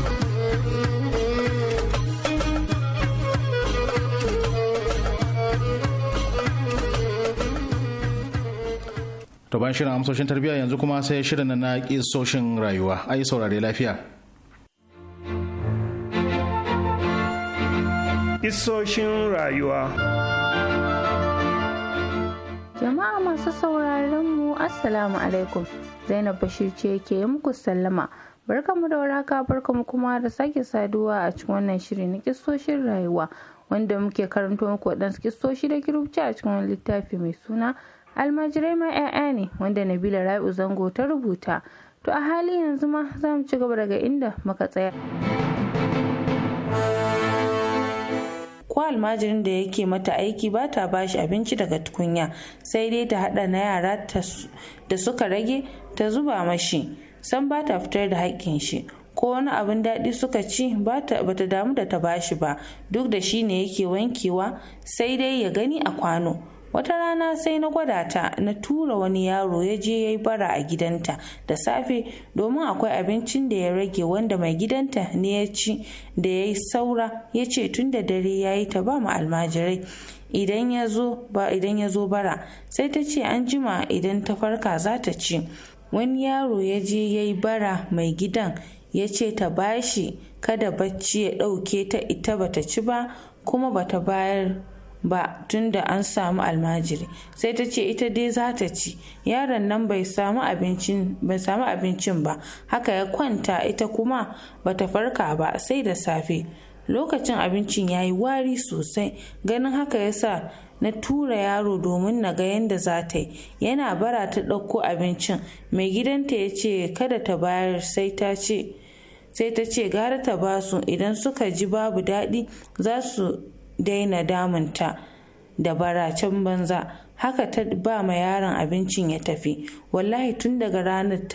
to ban shirin amsoshin tarbiyya yanzu kuma sai shirin na soshin rayuwa yi saurare lafiya Isoshin rayuwa Jama'a masu sauraron mu Assalamu alaikum Zainab Bashir ce ke muku sallama barkamu da waraka barkamu kuma da sake saduwa a cikin wannan shiri na kisoshin rayuwa wanda muke karanto muku waɗansu kisoshi da kirubci a cikin wani littafi mai suna almajirai ma 'ya'ya ne wanda nabila rai'u zango ta rubuta to a hali yanzu ma za mu ci gaba daga inda muka tsaya ko almajirin da yake mata aiki ba ta bashi abinci daga tukunya sai dai ta hada na yara da suka rage ta zuba mashi san ba ta fitar da haƙƙin shi ko wani abin daɗi suka ci ba ta damu da ta bashi ba duk da shi ne yake wankewa sai dai ya gani a kwano wata rana sai na gwada ta na tura wani yaro ya je ya yi bara a gidanta da safe domin akwai abincin da ya rage wanda mai gidanta ne ya ci da ya yi saura ya ce tun da dare ya yi ta ba mu almajirai idan ya zo bara sai ta ce an jima idan ta farka za ta ci wani yaro ya je ya yi bara mai gidan ya ce ta bashi kada bacci ya ɗauke ta ita bata ci ba kuma bata bayar ba tunda an samu almajiri sai ta ce ita dai za ta ci yaron nan bai samu abincin ba haka ya kwanta ita kuma ba ta farka ba sai da safe lokacin abincin ya yi wari sosai ganin haka ya sa na tura yaro domin na ga yadda za ta yi yana bara ta ɗauko abincin mai gidanta ya ce kada ta bayar sai ta ce sai ta ce gara ta basu idan suka ji babu daɗi za su daina damunta da baracen banza haka ta ba ma yaron abincin ya tafi wallahi tun daga ranar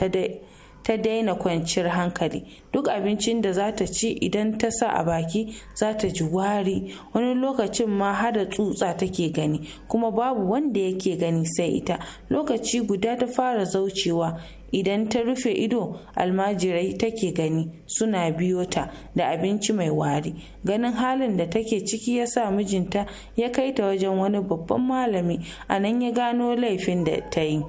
ta daina kwanciyar hankali duk abincin da za ta ci idan ta sa a baki za ta ji wari wani lokacin ma hada tsutsa take gani kuma babu wanda yake gani sai ita lokaci guda ta fara zaucewa idan ta rufe ido almajirai take gani suna biyo ta da abinci mai wari ganin halin da take ciki ya sa mijinta ya kai ta wajen wani babban malami a nan ya gano laifin da ta yi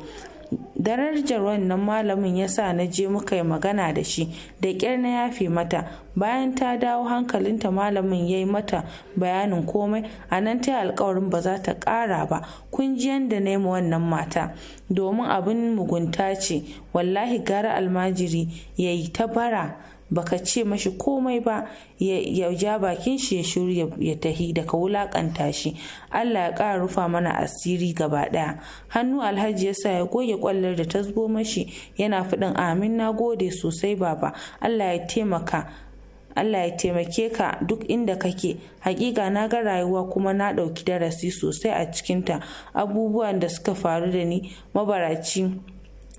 darajar wannan malamin ya sa na je muka yi magana da shi da ƙyar na yafe mata bayan ta dawo hankalinta malamin ya yi mata bayanin komai a nan ta alkawarin ba za ta ƙara ba kun ji yadda na yi wannan mata domin abin mugunta ce wallahi gara almajiri ya yi ta bara baka ce mashi komai ba ya ja bakin shi ya shiru ya tahi daga wulakanta shi Allah ya kara rufa mana asiri gaba ɗaya hannu alhaji ya sa ya goge kwallar da ta zubo mashi yana faɗin amin na gode sosai baba Allah ya taimaka Allah ya taimake ka duk inda kake hakika na ga rayuwa kuma na ɗauki darasi sosai a cikinta abubuwan da suka faru da ni mabaraci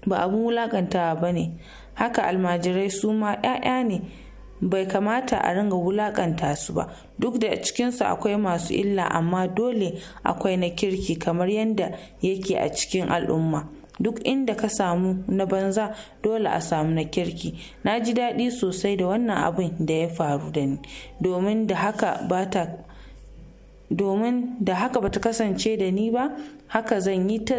ba abun wulakantawa ba ne haka almajirai su ma 'ya'ya ne bai kamata a ringa wulakanta su ba duk da cikinsu akwai masu illa amma dole akwai na kirki kamar yadda yake a cikin al'umma duk inda ka samu na banza dole a samu na kirki na ji daɗi sosai da wannan abin da ya faru da ni domin da haka bata kasance da ni ba haka zan yi ta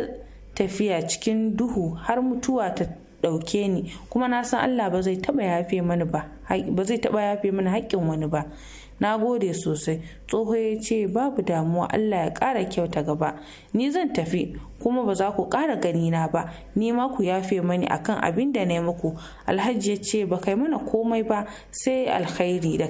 tafiya cikin duhu har mutuwa ta ɗauke ni kuma na san Allah ba zai taɓa yafe mani ba ba zai taba yafe mani haƙƙin wani ba na gode sosai tsoho ya ce babu damuwa Allah ya ƙara kyauta gaba ni zan tafi kuma ba za ku ƙara gani na ba ni ma ku yafe mani akan abin da na yi muku alhaji ya ce ba kai mana komai ba sai alkhairi da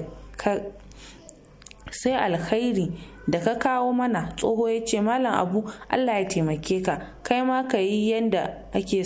sai alkhairi da ka kawo mana tsoho ya ce malam abu allah ya taimake ka kai ma ka yi yanda ake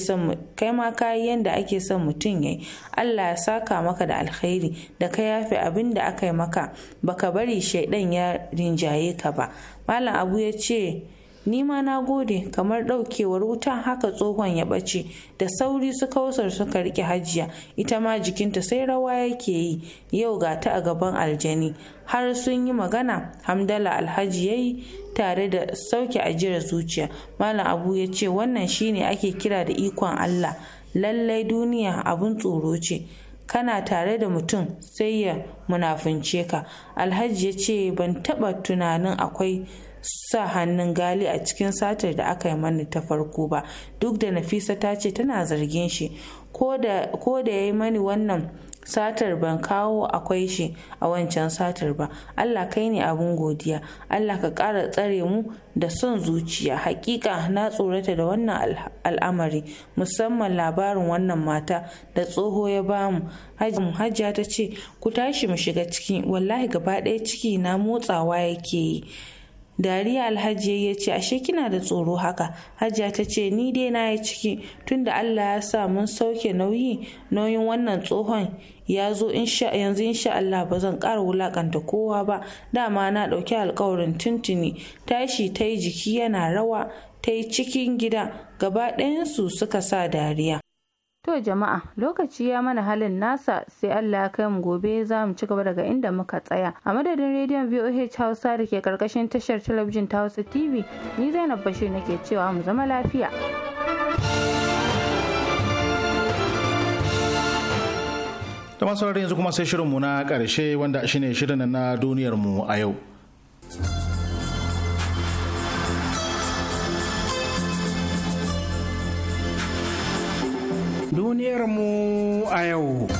son mutum ya yi allah ya saka maka da alkhairi da ka yafe abin da aka yi maka baka bari shaidan ya rinjaye ka ba malam abu ya ce ni ma na gode kamar ɗaukewar wuta haka tsohon ya ɓace da sauri su kausar suka rike hajiya ita ma jikinta sai rawa yake yi yau ga ta a gaban aljani har sun yi magana hamdala alhaji ya yi tare da sauke ajiyar zuciya malam abu ya ce wannan shine ake kira da ikon allah lallai duniya abun tsoro ce kana tare da mutum sai ya munafunce ka alhaji ya ce ban taɓa tunanin akwai sa hannun gali a cikin satar da aka yi mani ta farko ba duk da nafisa ta ce tana zargin shi ko da ya yi mani wannan satar ban kawo akwai shi a wancan satar ba allah kai ne abin godiya allah ka ƙara tsare mu da son zuciya hakika na tsorata da wannan al'amari musamman labarin wannan mata da tsoho ya bamu hajja ta ce ku tashi mu shiga ciki wallahi gaba ɗaya ciki na motsawa yake yi dariya alhaji ya ce ashe kina da tsoro haka hajiya ta ce ni dai na yi ciki tunda allah ya sa mun sauke nauyi nauyin wannan tsohon ya zo yanzu insha allah ba zan ƙara wulakanta kowa ba dama na ɗauki alkawarin tuntuni tashi ta yi jiki yana rawa ta yi cikin gida gaba ɗayansu suka sa dariya To jama'a lokaci ya mana halin nasa sai Allah ya kai mu gobe za mu ci gaba daga inda muka tsaya. A madadin rediyon VOH Hausa da ke karkashin tashar talabijin ta Hausa TV ni Zainab Bashir nake cewa mu zama lafiya. da masu yanzu kuma sai shirinmu na ƙarshe wanda shine shirin na duniyarmu a yau. duniyarmu a yau.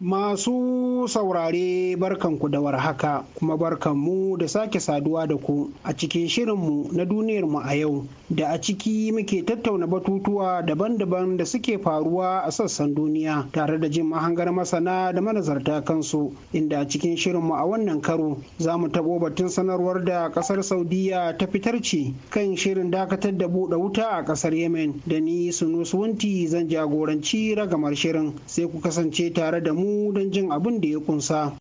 Masu saurare barkan ku da warhaka kuma barkanmu da sake saduwa da ku a cikin shirinmu na duniyarmu a yau da a ciki muke tattauna batutuwa daban-daban da suke faruwa a sassan duniya tare da jin mahangar masana da manazarta kansu inda a cikin shirinmu a wannan karo za mu tabo batun sanarwar da kasar saudiya ta fitar ce kan shirin dakatar da buɗe wuta a kasar yemen da ni nusu wunti zan jagoranci ragamar shirin sai ku kasance tare da mu don jin abin da ya kunsa.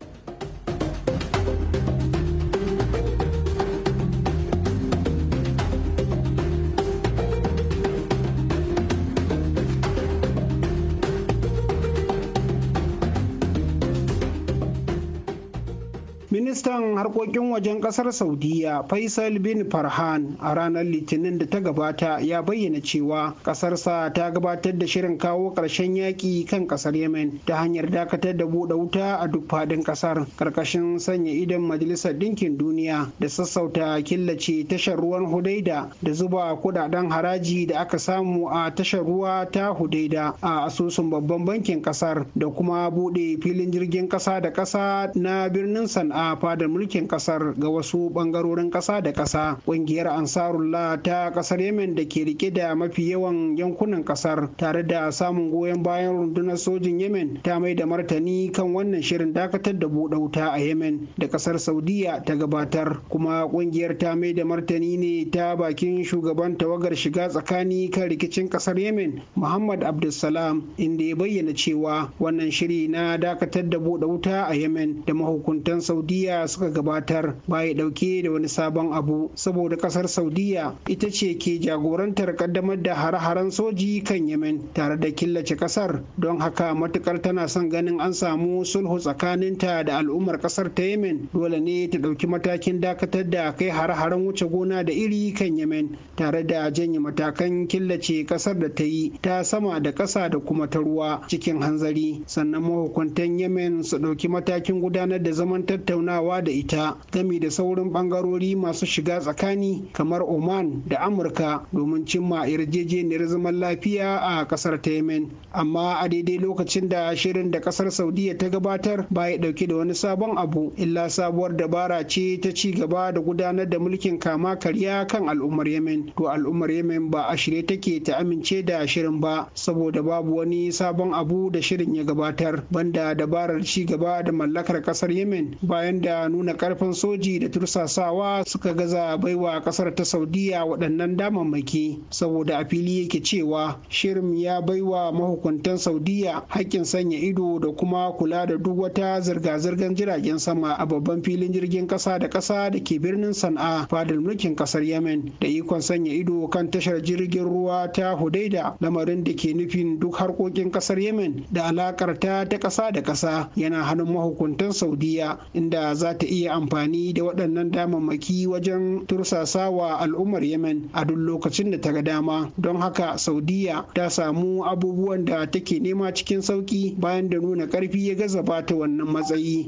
harkokin wajen kasar saudiya faisal bin farhan a ranar litinin da ta gabata ya bayyana cewa kasarsa ta gabatar da shirin kawo ƙarshen yaƙi kan kasar yemen ta hanyar dakatar da buɗe wuta a duk faɗin kasar ƙarƙashin sanya idon majalisar ɗinkin duniya da sassauta killace tashar ruwan hudaida da zuba kuɗaɗen haraji da aka samu a tashar ruwa ta hudaida a asusun babban bankin kasar da kuma buɗe filin jirgin ƙasa da ƙasa na birnin sana'a fadar mulki mulkin kasar ga wasu bangarorin kasa da kasa kungiyar ansarullah ta kasar yemen da ke rike da mafi yawan yankunan kasar tare da samun goyon bayan rundunar sojin yemen ta mai da martani kan wannan shirin dakatar da buɗe wuta a yemen da kasar saudiya ta gabatar kuma kungiyar ta mai da martani ne ta bakin shugaban tawagar shiga tsakani kan rikicin kasar yemen muhammad abdulsalam inda ya bayyana cewa wannan shiri na dakatar da buɗe wuta a yemen da mahukuntan saudiya suka gabatar ba ya dauke da wani sabon abu saboda kasar saudiya ita ce ke jagorantar kaddamar da hare-haren soji kan yemen tare da killace kasar don haka matukar tana son ganin an samu sulhu tsakaninta da al'ummar kasar ta yemen dole ne ta dauki matakin dakatar da kai hare-haren wuce gona da iri kan yemen tare da janye matakan killace kasar da ta yi ta sama da kasa da kuma ta ruwa cikin hanzari sannan mahukuntan yemen su dauki matakin gudanar da zaman tattaunawa da ita ita gami da saurin bangarori masu shiga tsakani kamar oman da amurka domin cimma yarjejeniyar zaman lafiya a kasar ta yemen amma a daidai lokacin da shirin da kasar saudiya ta gabatar ba ya dauke da wani sabon abu illa sabuwar dabara ce ta ci gaba da gudanar da mulkin kama karya kan al'ummar yemen to al'ummar yemen ba a shirye take ta amince da shirin ba saboda babu wani sabon abu da shirin ya gabatar banda dabarar ci gaba da mallakar kasar yemen bayan da nuna karfin soji da tursasawa suka gaza baiwa kasar ta saudiya waɗannan damammaki saboda a fili yake cewa shirin ya baiwa mahukuntan saudiya haƙƙin sanya ido da kuma kula da duk wata zirga-zirgar jiragen sama a babban filin jirgin ƙasa da ƙasa da ke birnin sana'a fadar mulkin ƙasar yemen da ikon sanya ido kan tashar jirgin ruwa ta hudaida lamarin da ke nufin duk harkokin ƙasar yemen da alakar ta ta ƙasa da ƙasa yana hannun mahukuntan saudiya inda za ta iya amfani da waɗannan damammaki wajen tursasa wa al'ummar yemen a duk lokacin da ta ga dama don haka saudiya ta samu abubuwan da take nema cikin sauki bayan da nuna ƙarfi ya gaza bata wannan matsayi.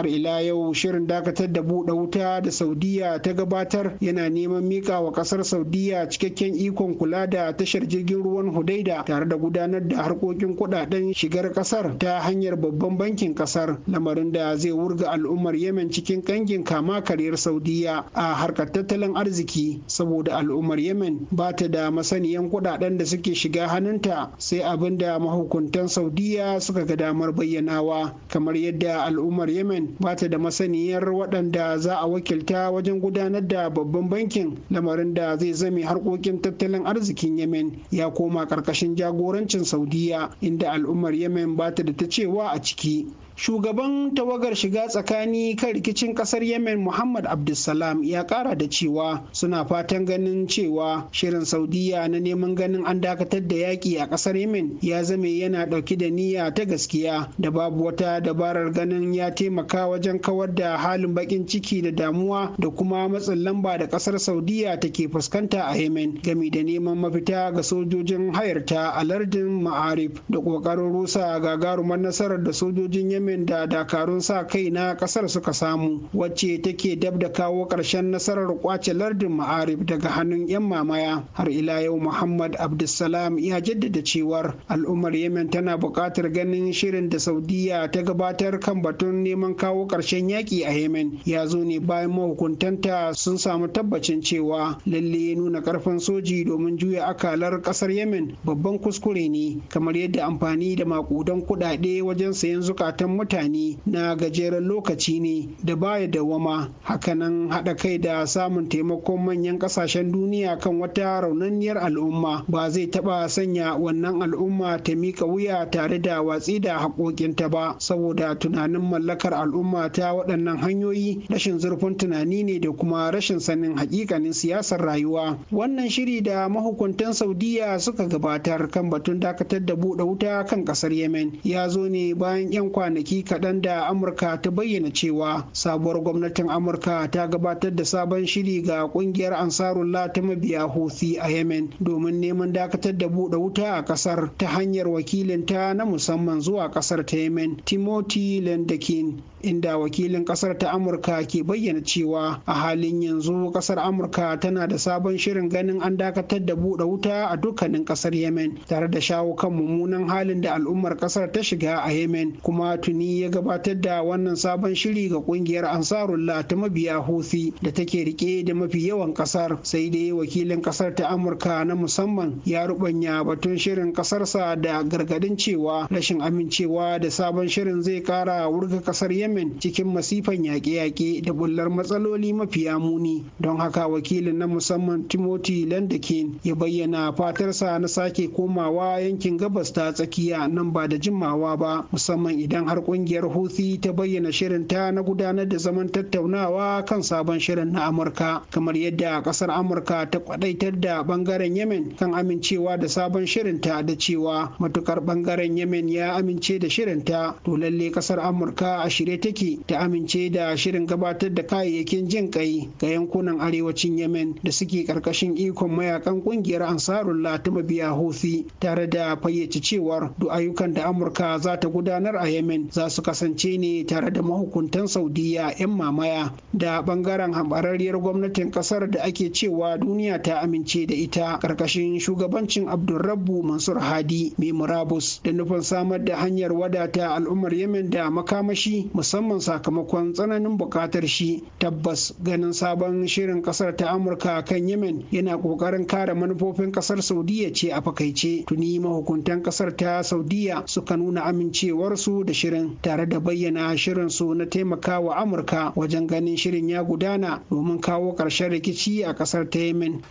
har ila yau shirin dakatar da buɗe wuta da saudiya ta gabatar yana neman mika wa ƙasar saudiya cikakken ikon kula da tashar jirgin ruwan hudaida tare da gudanar da harkokin kuɗaɗen shigar ƙasar ta hanyar babban bankin ƙasar lamarin da zai wurga al'ummar yemen cikin ƙangin kama kariyar saudiya a harkar tattalin arziki saboda al'ummar yemen ba ta da masaniyan kuɗaɗen da suke shiga hannunta sai abin da mahukuntan saudiya suka ga damar bayyanawa kamar yadda al'ummar yemen ba ta da masaniyar waɗanda za a wakilta wajen gudanar da babban bankin lamarin da zai zame harkokin tattalin arzikin yemen ya koma ƙarƙashin jagorancin saudiya inda al'ummar yemen ba ta da ta cewa a ciki shugaban tawagar shiga tsakani kan rikicin kasar yemen muhammad abdulsalam ya kara da cewa suna fatan ganin cewa shirin saudiya na neman ganin an dakatar da yaƙi a kasar yemen ya zame yana ɗauki da niyya ta gaskiya da babu wata dabarar ganin ya taimaka wajen kawar da halin baƙin ciki da damuwa da kuma matsin lamba da kasar saudiya take fuskanta a yemen gami da neman mafita ga sojojin hayarta a lardin ma'arif da ƙoƙarin rusa gagarumar nasarar da sojojin yemen mukamin da dakarun sa kai na kasar suka samu wacce take dab da kawo ƙarshen nasarar kwace lardin ma'arif daga hannun 'yan mamaya har ila yau muhammad abdulsalam ya jaddada cewar al'ummar yemen tana buƙatar ganin shirin da saudiya ta gabatar kan batun neman kawo ƙarshen yaƙi a yemen ya zo ne bayan mahukuntanta sun samu tabbacin cewa lalle ya nuna ƙarfin soji domin juya akalar ƙasar yemen babban kuskure ne kamar yadda amfani da makudan kuɗaɗe wajen sayan zukatan mutane na gajeren lokaci ne da baya dawama hakanan haɗa kai da samun taimakon manyan ƙasashen duniya kan wata raunaniyar al'umma ba zai taɓa sanya wannan al'umma ta miƙa wuya tare da watsi da haƙoƙinta ba saboda tunanin mallakar al'umma ta waɗannan hanyoyi rashin zurfin tunani ne da kuma rashin sanin haƙiƙanin siyasar rayuwa wannan shiri da mahukuntan saudiya suka gabatar kan batun dakatar da buɗe wuta kan ƙasar yemen ya zo ne bayan 'yan kwana. kwanaki kaɗan da amurka ta bayyana cewa sabuwar gwamnatin amurka ta gabatar da sabon shiri ga ƙungiyar ansarullah ta mabiya houthi a yemen domin neman dakatar da buɗe wuta a ƙasar ta hanyar wakilinta na musamman zuwa ƙasar ta yemen timothy lendekin inda wakilin kasar ta amurka ke bayyana cewa a halin yanzu kasar amurka tana da sabon shirin ganin an dakatar da buɗe wuta a dukkanin kasar yemen tare da shawo kan mummunan halin da al'ummar kasar ta shiga a yemen kuma tuni ya gabatar da wannan sabon shiri ga kungiyar ansarullah ta mabiya houthi da take rike da mafi yawan kasar sai dai wakilin kasar ta amurka na musamman ya rubanya batun shirin kasarsa da gargadin cewa rashin amincewa da sabon shirin zai kara wurga kasar yemen yemen cikin masifan yaƙe-yaƙe da bullar matsaloli mafiya muni don haka wakilin na musamman timothy Lendekin ya bayyana fatarsa na sake komawa yankin gabas ta tsakiya nan ba da jimawa ba musamman idan har kungiyar houthi ta bayyana shirin ta na gudanar da zaman tattaunawa kan sabon shirin na amurka kamar yadda ƙasar amurka ta kwadaitar da bangaren yemen kan amincewa da sabon shirinta da cewa matukar bangaren yemen ya amince da shirin ta to lalle ƙasar amurka a shirye take ta amince da shirin gabatar da kayayyakin jin kai ga yankunan arewacin yemen da suke karkashin ikon mayakan kungiyar ansarullah ta mabiya hofi tare da fayyace cewar duk ayyukan da amurka za ta gudanar a yemen za su kasance ne tare da mahukuntan saudiya 'yan mamaya da bangaren hambararriyar gwamnatin kasar da ake cewa duniya ta amince da ita karkashin shugabancin abdulrabbu mansur hadi mai murabus da nufin samar da hanyar wadata al'ummar yemen da makamashi musamman sakamakon tsananin bukatar shi tabbas ganin sabon shirin ƙasar ta amurka kan yemen yana ƙoƙarin kare manufofin ƙasar saudiya ce a fakaice tuni mahukuntan ƙasar ta saudiya suka nuna amincewarsu da shirin tare da bayyana shirin su na taimakawa amurka wajen ganin shirin ya gudana domin kawo ƙarshen rikici a ƙasar ta yemen.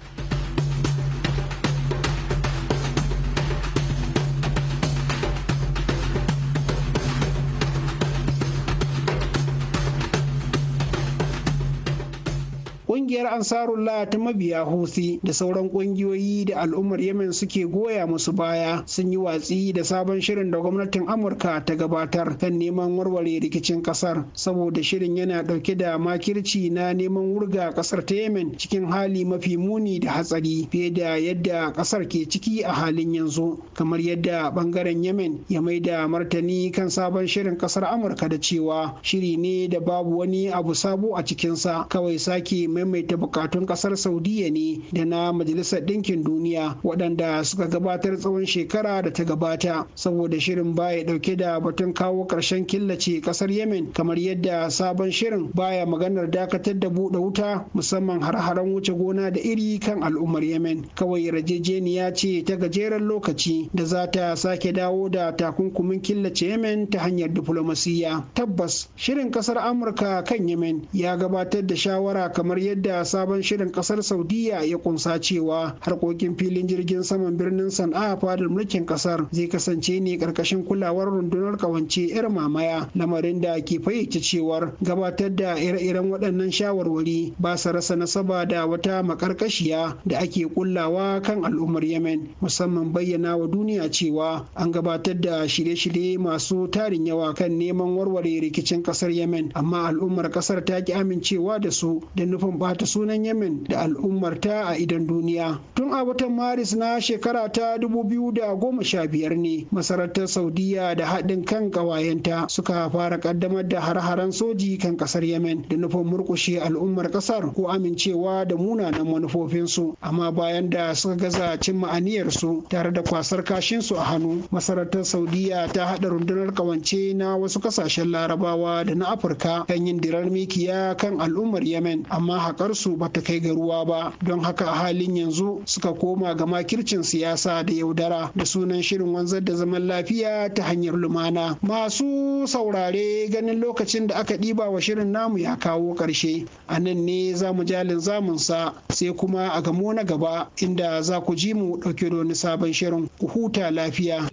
kungiyar ansarullah ta mabiya husi da sauran kungiyoyi da al'ummar yemen suke goya musu baya sun yi watsi da sabon shirin da gwamnatin amurka ta gabatar kan neman warware rikicin kasar saboda shirin yana dauke da makirci na neman wurga kasar ta yemen cikin hali mafi muni da hatsari fiye da yadda kasar ke ciki a halin yanzu kamar yadda bangaren yemen ya mai da martani kan sabon shirin kasar amurka da cewa shiri ne da babu wani abu sabo a cikinsa kawai sake maimai maimaita bukatun kasar saudiya ne da na majalisar ɗinkin duniya waɗanda suka gabatar tsawon shekara da ta gabata saboda shirin baya ɗauke da batun kawo ƙarshen killace ƙasar yemen kamar yadda sabon shirin baya maganar dakatar da buɗe wuta musamman har-haren wuce gona da iri kan al'ummar yemen kawai yarjejeniya ce ta gajeren lokaci da za ta sake dawo da takunkumin killace yemen ta hanyar diflomasiyya tabbas shirin ƙasar amurka kan yemen ya gabatar da shawara kamar yadda da sabon shirin kasar saudiya ya kunsa cewa harkokin filin jirgin saman birnin sana'a fadar mulkin kasar zai kasance ne karkashin kulawar rundunar kawance yar mamaya lamarin da ke fayyace cewar gabatar da ire-iren waɗannan shawarwari ba su rasa nasaba da wata makarkashiya da ake kullawa kan al'ummar yemen musamman bayyana wa duniya cewa an gabatar da shirye-shirye masu tarin yawa kan neman warware rikicin kasar yemen amma al'ummar kasar ta ki amincewa da su da nufin ta sunan yemen da al'ummarta a idan duniya tun a watan maris na shekara ta dubu biyu da goma sha biyar ne masarautar saudiya da haɗin kan ƙawayenta suka fara ƙaddamar da har-haren soji kan ƙasar yemen da nufin murƙushe al'ummar ƙasar ko amincewa da munanan manufofinsu amma bayan da suka gaza cimma aniyarsu tare da kwasar kashinsu a hannu masarautar saudiya ta haɗa rundunar ƙawance na wasu ƙasashen larabawa da na afirka kan yin dirar mikiya kan al'ummar yemen amma haƙar su ta kai ga ruwa ba don haka a halin yanzu suka koma ga makircin siyasa da yaudara da sunan shirin wanzar da zaman lafiya ta hanyar lumana masu saurare ganin lokacin da aka ɗiba wa shirin namu ya kawo ƙarshe a nan ne za mu jalin zamunsa sai kuma a gamo na gaba inda za ku ji mu ɗauke da wani sabon shirin ku huta lafiya.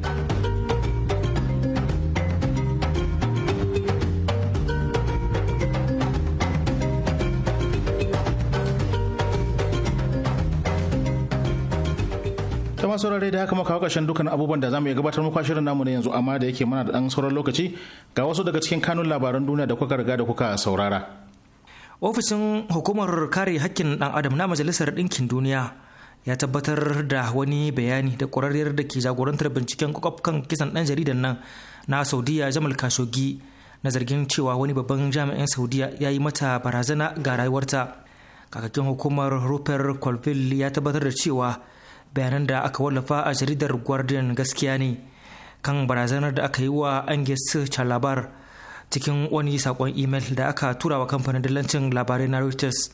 thank you saurare da haka muka kashin dukkan abubuwan da za mu iya gabatar muku shirin namu na yanzu amma da yake mana da dan sauran lokaci ga wasu daga cikin kanun labaran duniya da kuka riga da kuka saurara. Ofishin hukumar kare hakkin dan adam na Majalisar Ɗinkin Duniya ya tabbatar da wani bayani da ƙwararriyar da ke jagorantar binciken kan kisan ɗan jaridan nan na Saudiya Jamal kashogi na zargin cewa wani babban jami'in Saudiya ya yi mata barazana ga rayuwarta. Kakakin hukumar Rupert Colville ya tabbatar da cewa bayanan da aka wallafa a jaridar guardian gaskiya ne kan barazanar da aka yi wa angus chalabar cikin wani sakon imel da aka tura wa kamfanin dillancin labarai na reuters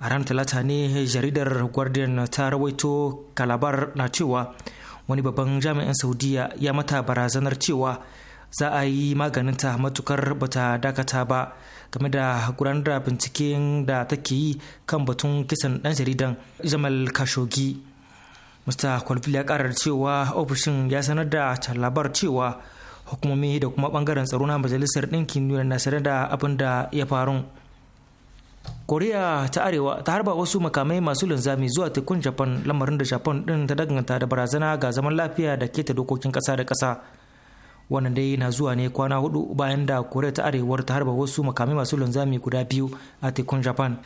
a ran talata ne jaridar guardian ta rawaito kalabar na cewa wani babban jami'in saudiya ya mata barazanar cewa za a yi maganinta matukar bata dakata ba game da gudanar da binciken da take yi kan batun kisan dan jaridan jamal khashoggi mr kwalfil ya karar cewa ofishin ya sanar da labar cewa hukumomi da kuma bangaren tsaro na majalisar ɗinkin duniya na sanar da abin da ya faru koriya ta arewa ta harba wasu makamai masu linzami zuwa tekun japan lamarin da japan din ta danganta da barazana ga zaman lafiya da keta dokokin kasa da kasa wannan dai na zuwa ne kwana hudu bayan da koriya ta arewar ta harba wasu makamai masu linzami guda biyu a tekun japan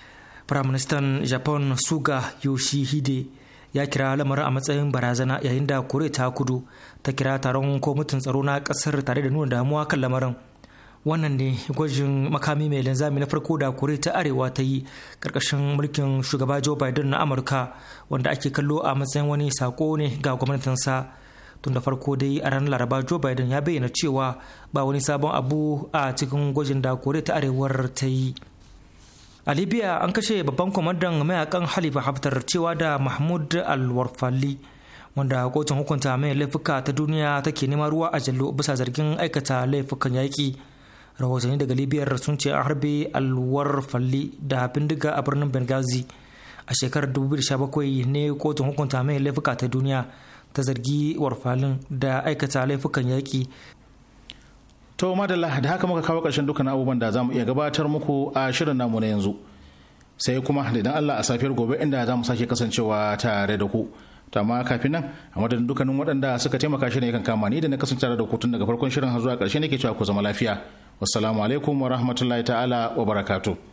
firaministan japan suga yoshihide ya kira lamarin a matsayin barazana yayin da kore ta kudu ta kira taron kwamitin tsaro na kasar tare da nuna damuwa kan lamarin wannan ne gwajin makami mai linzami na farko da kore ta arewa ta yi karkashin mulkin shugaba joe biden na amurka wanda ake kallo a matsayin wani sako ne ga gwamnatinsa tun da farko dai a ranar laraba joe biden ya bayyana cewa ba wani sabon abu a cikin gwajin da kore ta arewar ta yi a libya an kashe babban kwamandan mayakan halifa haftar cewa da mahmud al wanda kotun hukunta mai laifuka ta duniya take neman ruwa a jallo bisa zargin aikata laifukan yaƙi rahotanni daga libyar sun ce an harbe alwar da bindiga a birnin benghazi a shekarar 2017 ne kotun hukunta mai laifuka ta duniya ta zargi warfalin da aikata laifukan yaƙi To madalla da haka muka kawo ƙarshen dukkan abubuwan da za mu iya gabatar muku a shirin namu na yanzu. Sai kuma da idan Allah a safiyar gobe inda za mu sake kasancewa tare da ku. amma kafin nan a madadin dukkanin waɗanda suka taimaka shi ne kan kama ni da na kasance tare da ku tun daga farkon shirin har zuwa ƙarshe nake cewa ku zama lafiya. Wassalamu alaikum wa rahmatullahi ta'ala wa barakatuh.